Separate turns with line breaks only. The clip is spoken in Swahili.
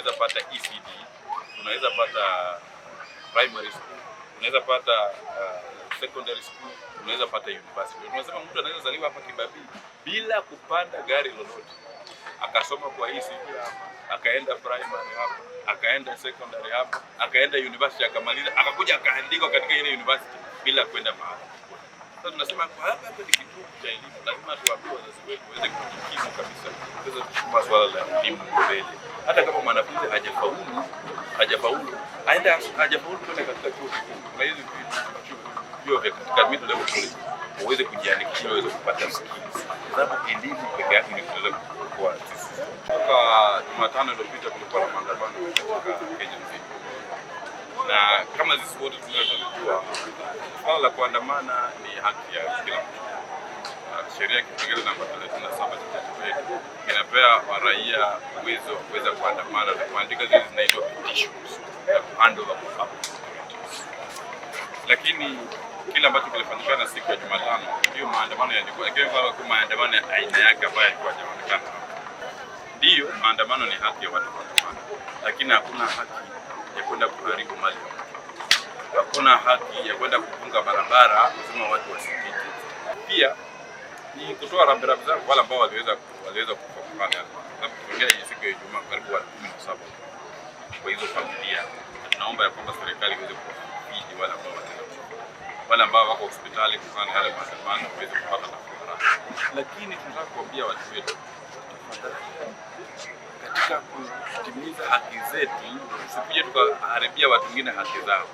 unaweza pata ECD, unaweza pata primary school, unaweza pata uh, secondary school, unaweza pata university. Tunasema mtu anaweza zaliwa hapa Kibabii bila kupanda gari lolote akasoma kwa ECD hapa, akaenda primary hapa, akaenda secondary hapa, akaenda university akamaliza, akakuja akaandikwa katika ile university bila kwenda mahali. Sasa tunasema kwa hapa hapa ni kitu cha elimu, lazima tuwaambie wazazi wetu waweze kujikimu kabisa, tuweze kusukuma swala la elimu mbele hata kama mwanafunzi hajafaulu hajafaulu aenda hajafaulu kwenda katika chuo kikuu na hizi vyuo vya katika mito level college uweze kujiandikisha uweze kupata skills, sababu elimu peke yake ni inaweza kukua sisi. Toka Jumatano iliyopita kulikuwa na maandamano katika Kenya nzima, na kama sisi wote tunajua swala la kuandamana ni haki ya kila mtu. Sheria ya kipengele namba 37 cha katiba yetu inapea waraia uwezo wa kuweza kuandamana na kuandika zile zinaitwa petitions na kuhandle hapo, lakini kile ambacho kilifanyikana siku ya Jumatano, hiyo maandamano yalikuwa kwa kama maandamano ya aina yake ambayo yalikuwa yanaonekana hapa. Ndiyo, maandamano ni haki ya watu kuandamana, lakini hakuna haki ya kwenda kuharibu mali ya hakuna haki ya kwenda kufunga barabara kusema watu wasipite pia ni kutoa rambirambi zangu wale ambao waliweza waliweza kufahamana tokea hii siku ya Ijumaa karibu watu kumi kwa hizo familia, tunaomba ya kwamba serikali iweze kuwafidi wale ambao wale ambao wako hospitali kutokana yale maandamano waweze kupata nafuu haraka. Lakini tunataka kuambia watu wetu, katika kutimiza haki zetu, usikuja tukaharibia watu wengine haki zao.